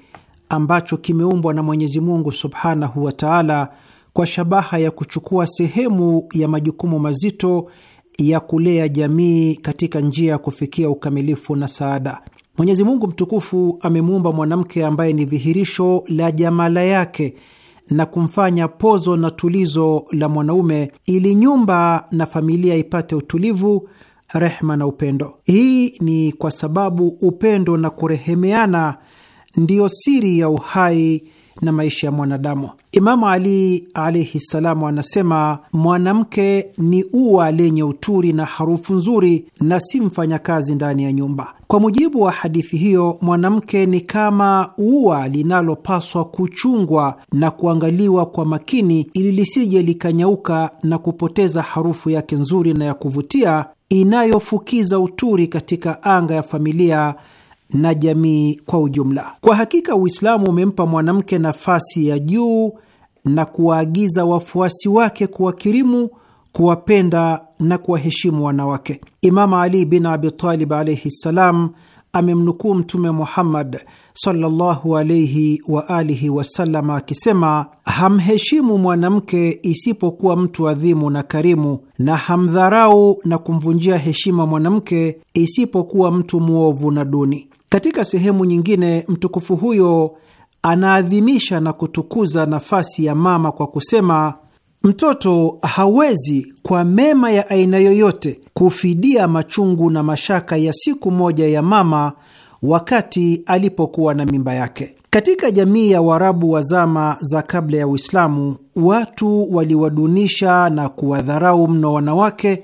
ambacho kimeumbwa na Mwenyezi Mungu subhanahu wa taala kwa shabaha ya kuchukua sehemu ya majukumu mazito ya kulea jamii katika njia ya kufikia ukamilifu na saada. Mwenyezi Mungu mtukufu amemuumba mwanamke ambaye ni dhihirisho la jamala yake na kumfanya pozo na tulizo la mwanaume, ili nyumba na familia ipate utulivu rehma na upendo. Hii ni kwa sababu upendo na kurehemeana ndiyo siri ya uhai na maisha ya mwanadamu. Imamu Ali alaihi ssalamu anasema, mwanamke ni ua lenye uturi na harufu nzuri na si mfanyakazi ndani ya nyumba. Kwa mujibu wa hadithi hiyo, mwanamke ni kama ua linalopaswa kuchungwa na kuangaliwa kwa makini ili lisije likanyauka na kupoteza harufu yake nzuri na ya kuvutia inayofukiza uturi katika anga ya familia na jamii kwa ujumla. Kwa hakika Uislamu umempa mwanamke nafasi ya juu na kuwaagiza wafuasi wake kuwakirimu, kuwapenda na kuwaheshimu wanawake. imamu Ali bin Abi Talib alaihi ssalam amemnukuu Mtume Muhammad sallallahu wa alihi wasallam akisema, hamheshimu mwanamke isipokuwa mtu adhimu na karimu, na hamdharau na kumvunjia heshima mwanamke isipokuwa mtu mwovu na duni. Katika sehemu nyingine, mtukufu huyo anaadhimisha na kutukuza nafasi ya mama kwa kusema Mtoto hawezi kwa mema ya aina yoyote kufidia machungu na mashaka ya siku moja ya mama wakati alipokuwa na mimba yake. Katika jamii ya Waarabu wa zama za kabla ya Uislamu, watu waliwadunisha na kuwadharau mno wanawake,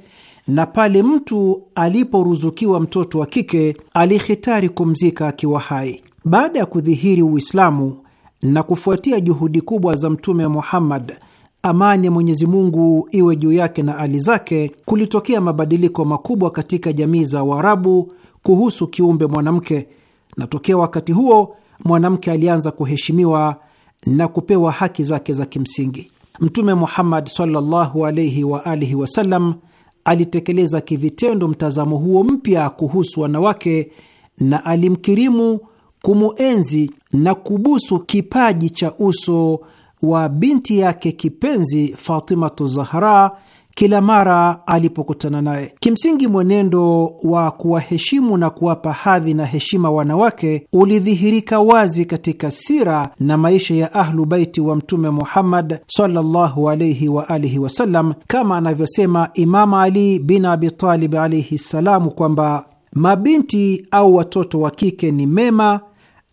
na pale mtu aliporuzukiwa mtoto wa kike alihitari kumzika akiwa hai. Baada ya kudhihiri Uislamu na kufuatia juhudi kubwa za Mtume Muhammad, amani ya Mwenyezi Mungu iwe juu yake na ali zake, kulitokea mabadiliko makubwa katika jamii za Waarabu kuhusu kiumbe mwanamke, na tokea wakati huo mwanamke alianza kuheshimiwa na kupewa haki zake za kimsingi. Mtume Muhammad sallallahu alaihi wa alihi wasallam alitekeleza kivitendo mtazamo huo mpya kuhusu wanawake na alimkirimu, kumuenzi na kubusu kipaji cha uso wa binti yake kipenzi Fatimatu Zahra kila mara alipokutana naye. Kimsingi, mwenendo wa kuwaheshimu na kuwapa hadhi na heshima wanawake ulidhihirika wazi katika sira na maisha ya Ahlu Baiti wa Mtume Muhammad sallallahu alaihi wa alihi wasallam, kama anavyosema Imam Ali bin Abitalib alaihi ssalamu kwamba mabinti au watoto wa kike ni mema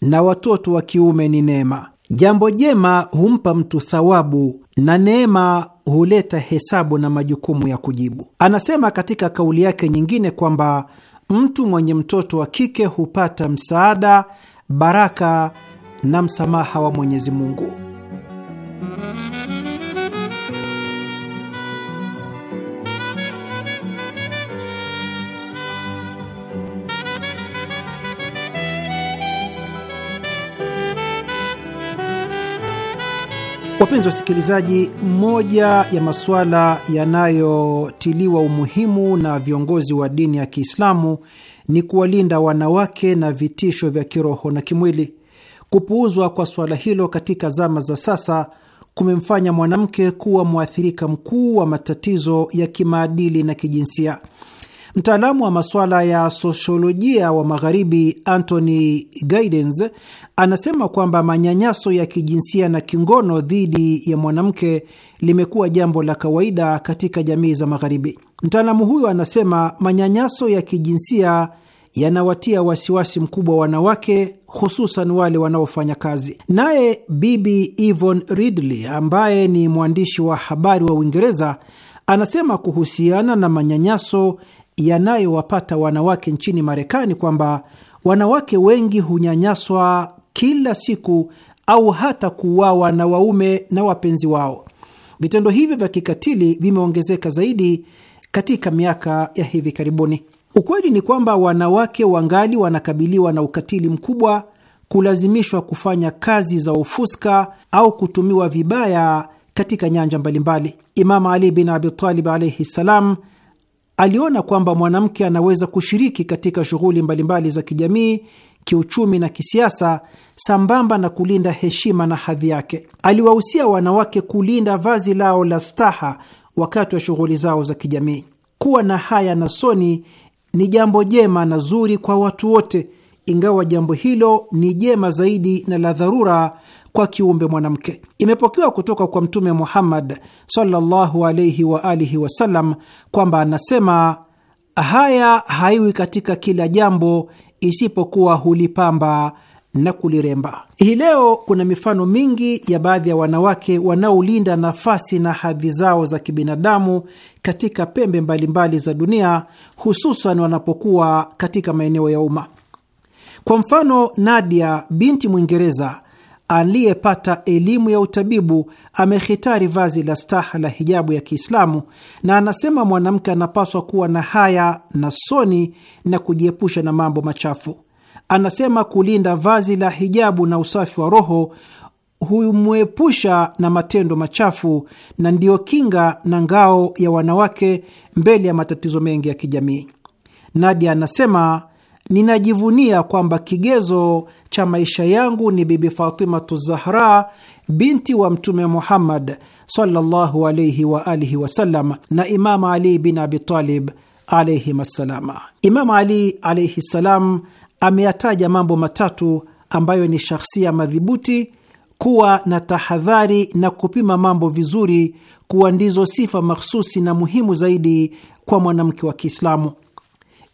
na watoto wa kiume ni neema. Jambo jema humpa mtu thawabu na neema huleta hesabu na majukumu ya kujibu. Anasema katika kauli yake nyingine kwamba mtu mwenye mtoto wa kike hupata msaada, baraka na msamaha wa Mwenyezi Mungu. Wapenzi wasikilizaji, moja ya masuala yanayotiliwa umuhimu na viongozi wa dini ya Kiislamu ni kuwalinda wanawake na vitisho vya kiroho na kimwili. Kupuuzwa kwa suala hilo katika zama za sasa kumemfanya mwanamke kuwa mwathirika mkuu wa matatizo ya kimaadili na kijinsia. Mtaalamu wa masuala ya sosiolojia wa Magharibi Anthony Giddens anasema kwamba manyanyaso ya kijinsia na kingono dhidi ya mwanamke limekuwa jambo la kawaida katika jamii za Magharibi. Mtaalamu huyo anasema manyanyaso ya kijinsia yanawatia wasiwasi mkubwa wanawake, hususan wale wanaofanya kazi. Naye Bibi Yvonne Ridley ambaye ni mwandishi wa habari wa Uingereza anasema kuhusiana na manyanyaso yanayowapata wanawake nchini Marekani kwamba wanawake wengi hunyanyaswa kila siku au hata kuuawa na waume na wapenzi wao. Vitendo hivyo vya kikatili vimeongezeka zaidi katika miaka ya hivi karibuni. Ukweli ni kwamba wanawake wangali wanakabiliwa na ukatili mkubwa, kulazimishwa kufanya kazi za ufuska au kutumiwa vibaya katika nyanja mbalimbali. Imamu Ali bin Abi Talib alaihi ssalam aliona kwamba mwanamke anaweza kushiriki katika shughuli mbalimbali za kijamii, kiuchumi na kisiasa, sambamba na kulinda heshima na hadhi yake. Aliwahusia wanawake kulinda vazi lao la staha wakati wa shughuli zao za kijamii. Kuwa na haya na soni ni jambo jema na zuri kwa watu wote, ingawa jambo hilo ni jema zaidi na la dharura kwa kiumbe mwanamke. Imepokewa kutoka kwa Mtume Muhammad sallallahu alaihi wa alihi wasallam kwamba anasema, haya haiwi katika kila jambo isipokuwa hulipamba na kuliremba. Hii leo kuna mifano mingi ya baadhi ya wanawake wanaolinda nafasi na hadhi zao za kibinadamu katika pembe mbalimbali mbali za dunia, hususan wanapokuwa katika maeneo ya umma. Kwa mfano, Nadia binti Mwingereza aliyepata elimu ya utabibu amehitari vazi la staha la hijabu ya Kiislamu, na anasema mwanamke anapaswa kuwa na haya na soni na kujiepusha na mambo machafu. Anasema kulinda vazi la hijabu na usafi wa roho humwepusha na matendo machafu na ndiyo kinga na ngao ya wanawake mbele ya matatizo mengi ya kijamii. Nadia anasema, ninajivunia kwamba kigezo cha maisha yangu ni Bibi Fatimatu Zahra binti wa Mtume Muhammad sallallahu alayhi wa alihi wasallam na imamu Ali bin Abitalib Talib alayhim assalam. Ali alayhi salam ameyataja mambo matatu ambayo ni shakhsia madhibuti, kuwa na tahadhari na kupima mambo vizuri, kuwa ndizo sifa makhususi na muhimu zaidi kwa mwanamke wa Kiislamu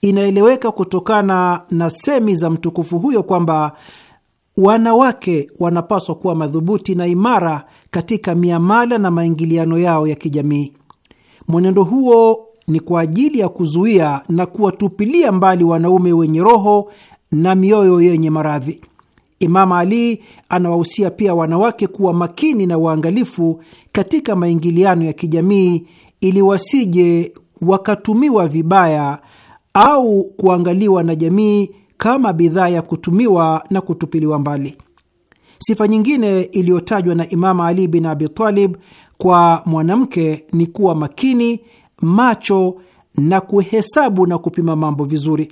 inaeleweka kutokana na semi za mtukufu huyo kwamba wanawake wanapaswa kuwa madhubuti na imara katika miamala na maingiliano yao ya kijamii. Mwenendo huo ni kwa ajili ya kuzuia na kuwatupilia mbali wanaume wenye roho na mioyo yenye maradhi. Imam Ali anawahusia pia wanawake kuwa makini na waangalifu katika maingiliano ya kijamii ili wasije wakatumiwa vibaya au kuangaliwa na jamii kama bidhaa ya kutumiwa na kutupiliwa mbali. Sifa nyingine iliyotajwa na Imamu Ali bin Abi Talib kwa mwanamke ni kuwa makini, macho na kuhesabu na kupima mambo vizuri.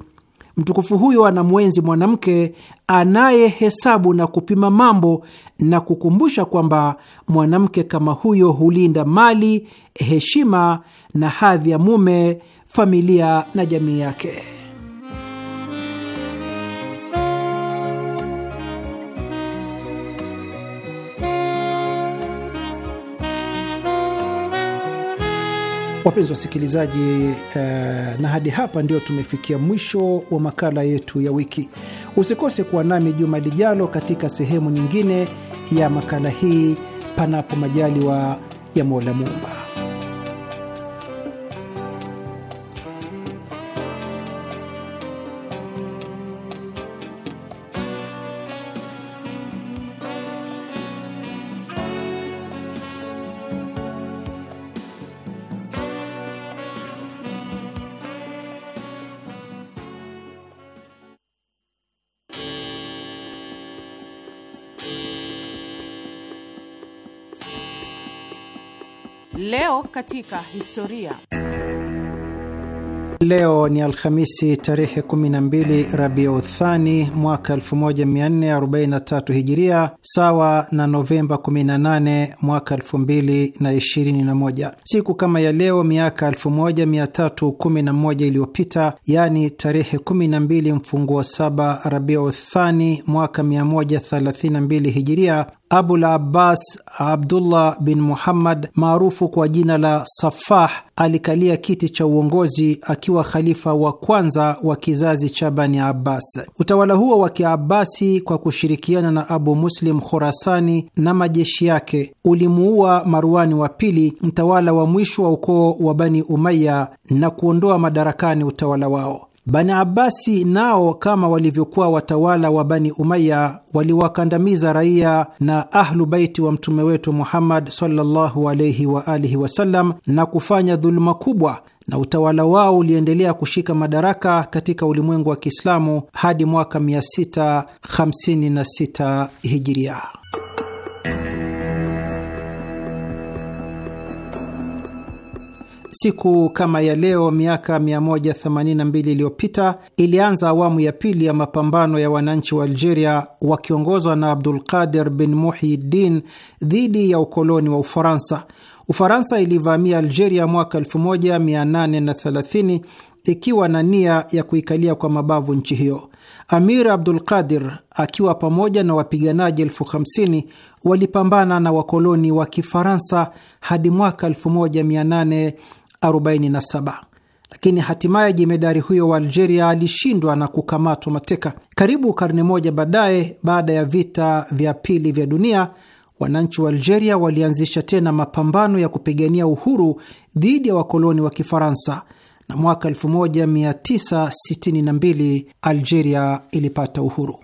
Mtukufu huyo anamwenzi mwanamke anayehesabu na kupima mambo na kukumbusha kwamba mwanamke kama huyo hulinda mali, heshima na hadhi ya mume familia na jamii yake. Wapenzi wasikilizaji, eh, na hadi hapa ndio tumefikia mwisho wa makala yetu ya wiki. Usikose kuwa nami juma lijalo katika sehemu nyingine ya makala hii, panapo majaliwa ya Mola Muumba. katika historia. Leo ni Alhamisi tarehe 12 Rabiuthani mwaka 1443 Hijiria, sawa na Novemba 18 mwaka 2021. Siku kama ya leo miaka 1311 iliyopita, yaani tarehe 12 mfunguo saba Rabiuthani mwaka 132 Hijiria, Abul Abbas Abdullah bin Muhammad maarufu kwa jina la Safah alikalia kiti cha uongozi akiwa khalifa wa kwanza wa kizazi cha Bani Abbas. Utawala huo wa Kiabasi kwa kushirikiana na Abu Muslim Khorasani na majeshi yake ulimuua Marwani wa pili, mtawala wa mwisho wa ukoo wa Bani Umaya, na kuondoa madarakani utawala wao. Bani Abasi nao kama walivyokuwa watawala wa Bani Umaya waliwakandamiza raia na Ahlu Baiti wa mtume wetu Muhammad sallallahu alaihi wa alihi wasallam na kufanya dhuluma kubwa, na utawala wao uliendelea kushika madaraka katika ulimwengu wa Kiislamu hadi mwaka 656 Hijiria. Siku kama ya leo miaka 182 iliyopita ilianza awamu ya pili ya mapambano ya wananchi wa Algeria wakiongozwa na Abdul Qadir bin Muhyiddin dhidi ya ukoloni wa Ufaransa. Ufaransa ilivamia Algeria mwaka 1830 ikiwa na nia ya kuikalia kwa mabavu nchi hiyo. Amir Abdul Qadir akiwa pamoja na wapiganaji elfu hamsini walipambana na wakoloni wa Kifaransa hadi mwaka 18 47 lakini hatimaye jemedari huyo wa Algeria alishindwa na kukamatwa mateka. Karibu karne moja baadaye, baada ya vita vya pili vya dunia, wananchi wa Algeria walianzisha tena mapambano ya kupigania uhuru dhidi ya wakoloni wa Kifaransa, na mwaka 1962 Algeria ilipata uhuru.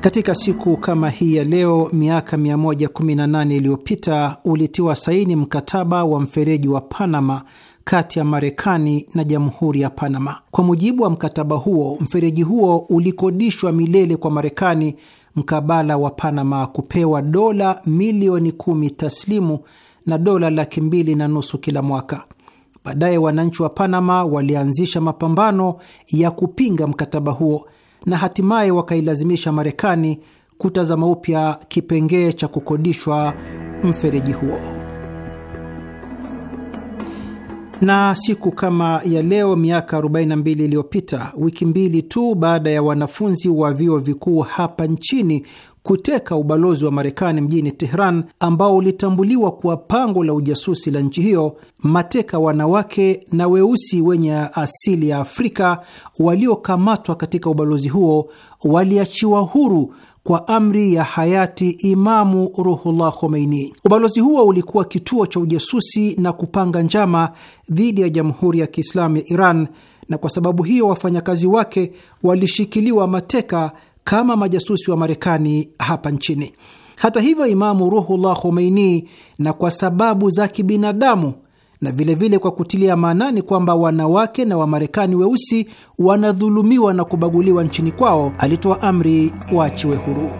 Katika siku kama hii ya leo miaka 118 iliyopita ulitiwa saini mkataba wa mfereji wa Panama kati ya Marekani na jamhuri ya Panama. Kwa mujibu wa mkataba huo, mfereji huo ulikodishwa milele kwa Marekani mkabala wa Panama kupewa dola milioni kumi taslimu na dola laki mbili na nusu kila mwaka. Baadaye wananchi wa Panama walianzisha mapambano ya kupinga mkataba huo na hatimaye wakailazimisha Marekani kutazama upya kipengee cha kukodishwa mfereji huo. Na siku kama ya leo miaka 42 iliyopita, wiki mbili tu baada ya wanafunzi wa vyuo vikuu hapa nchini kuteka ubalozi wa Marekani mjini Tehran ambao ulitambuliwa kuwa pango la ujasusi la nchi hiyo, mateka wanawake na weusi wenye asili ya Afrika waliokamatwa katika ubalozi huo waliachiwa huru kwa amri ya hayati Imamu Ruhullah Khomeini. Ubalozi huo ulikuwa kituo cha ujasusi na kupanga njama dhidi ya Jamhuri ya Kiislamu ya Iran, na kwa sababu hiyo wafanyakazi wake walishikiliwa mateka kama majasusi wa Marekani hapa nchini. Hata hivyo, Imamu Ruhullah Khomeini, na kwa sababu za kibinadamu na vilevile vile kwa kutilia maanani kwamba wanawake na Wamarekani weusi wanadhulumiwa na kubaguliwa nchini kwao, alitoa amri waachiwe huru.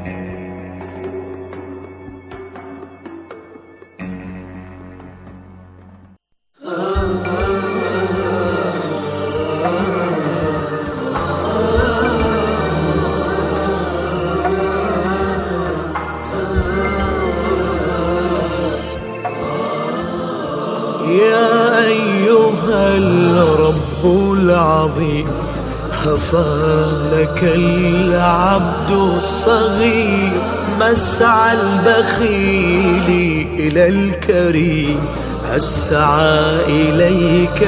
العظيم لك العبد الصغير مسعى البخيل إلى الكريم أسعى إليك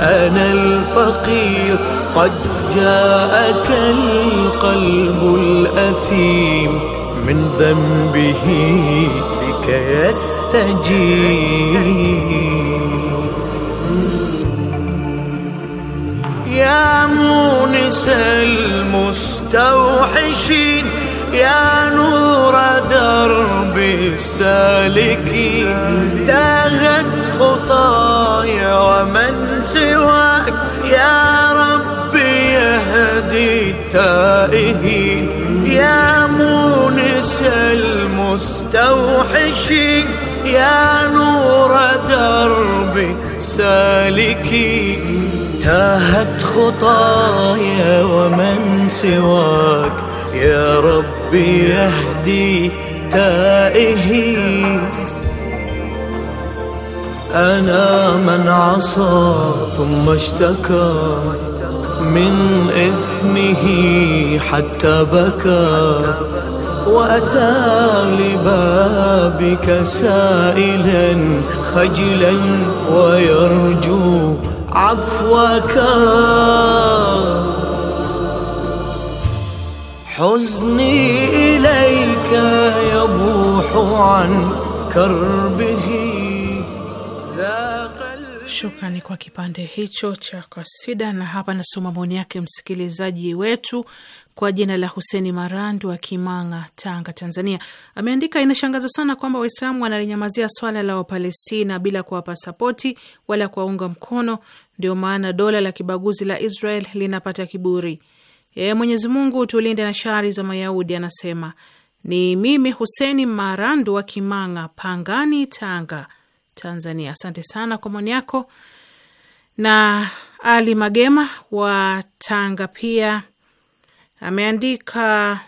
أنا الفقير قد جاءك القلب الأثيم من ذنبه بك يستجيب أنس المستوحشين يا نور درب السالكين تاهت خطايا ومن سواك يا رب يهدي التائهين يا مونس المستوحشين يا نور درب سالكين تاهت خطايا ومن سواك يا ربي يهدي تائهي أنا من عصى ثم اشتكى من إثمه حتى بكى وأتى لبابك سائلا خجلا ويرجو عفوك حزني إليك يبوح عن كربه Shukrani kwa kipande hicho cha kasida, na hapa nasoma maoni yake msikilizaji wetu kwa jina la Huseni Marandu wa Kimanga, Tanga, Tanzania. Ameandika, inashangaza sana kwamba Waislamu wanalinyamazia swala la Wapalestina bila kuwapa sapoti wala kuwaunga mkono, ndio maana dola la kibaguzi la Israel linapata kiburi. Ee Mwenyezi Mungu, tulinde na shari za Mayahudi, anasema. Ni mimi Huseni Marandu wa Kimanga, Pangani, Tanga, Tanzania. Asante sana kwa maoni yako. Na Ali Magema wa Tanga pia ameandika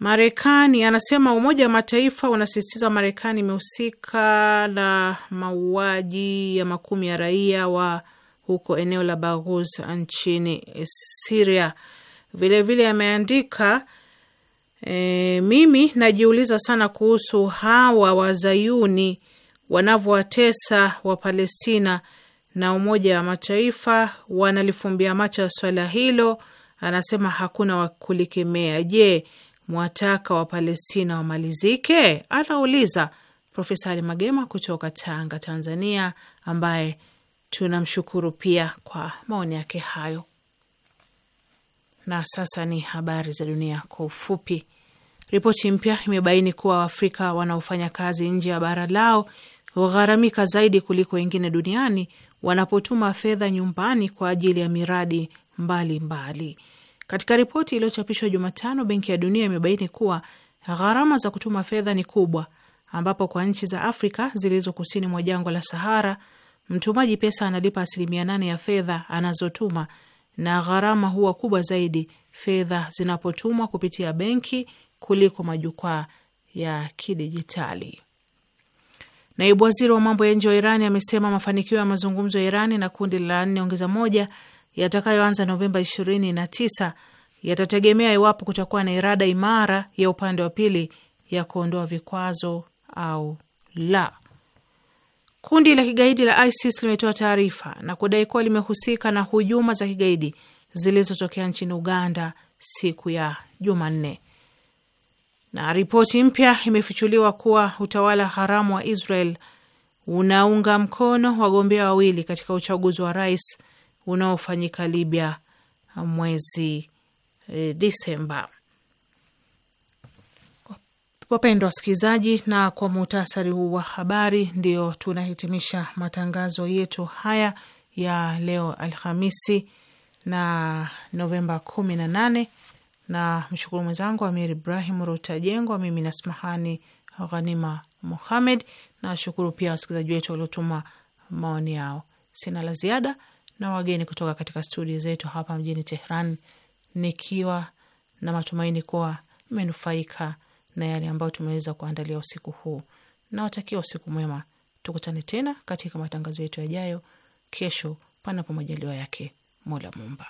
Marekani anasema Umoja wa Mataifa unasisitiza Marekani imehusika na mauaji ya makumi ya raia wa huko eneo la Baghuz nchini Siria. Vilevile ameandika e, mimi najiuliza sana kuhusu hawa wazayuni wanavyowatesa wa Palestina na Umoja wa Mataifa wanalifumbia macho ya swala hilo. Anasema hakuna wakulikemea. Je, mwataka wa Palestina wamalizike? Anauliza Profesa Ali Magema kutoka Tanga, Tanzania, ambaye tunamshukuru pia kwa maoni yake hayo. Na sasa ni habari za dunia kwa ufupi. Ripoti mpya imebaini kuwa Waafrika wanaofanya kazi nje ya bara lao hugharamika zaidi kuliko wengine duniani wanapotuma fedha nyumbani kwa ajili ya miradi mbalimbali mbali. Katika ripoti iliyochapishwa Jumatano, Benki ya Dunia imebaini kuwa gharama za kutuma fedha ni kubwa, ambapo kwa nchi za Afrika zilizo kusini mwa jangwa la Sahara mtumaji pesa analipa asilimia nane ya fedha anazotuma, na gharama huwa kubwa zaidi fedha zinapotumwa kupitia benki kuliko majukwaa ya kidijitali. Naibu waziri wa mambo ya nje wa Irani amesema mafanikio ya mazungumzo ya Irani na kundi la nne ongeza moja yatakayoanza Novemba 29 yatategemea iwapo kutakuwa na irada imara ya upande wa pili ya kuondoa vikwazo au la. Kundi la kigaidi la ISIS limetoa taarifa na kudai kuwa limehusika na hujuma za kigaidi zilizotokea nchini Uganda siku ya Jumanne. Na ripoti mpya imefichuliwa kuwa utawala haramu wa Israel unaunga mkono wagombea wawili katika uchaguzi wa rais unaofanyika Libya mwezi e, Disemba. Wapendwa wasikilizaji, na kwa muhtasari huu wa habari ndio tunahitimisha matangazo yetu haya ya leo Alhamisi na Novemba kumi na nane. Na mshukuru mwenzangu Amir Ibrahim Rutajengwa, mimi na smahani Ghanima Muhamed. Nashukuru pia wasikilizaji wetu waliotuma maoni yao. Sina la ziada na wageni kutoka katika studio zetu hapa mjini Tehran, nikiwa na matumaini kuwa mmenufaika na yale ambayo tumeweza kuandalia usiku huu. Nawatakia usiku mwema, tukutane tena katika matangazo yetu yajayo kesho, panapo majaliwa yake Mola Mumba.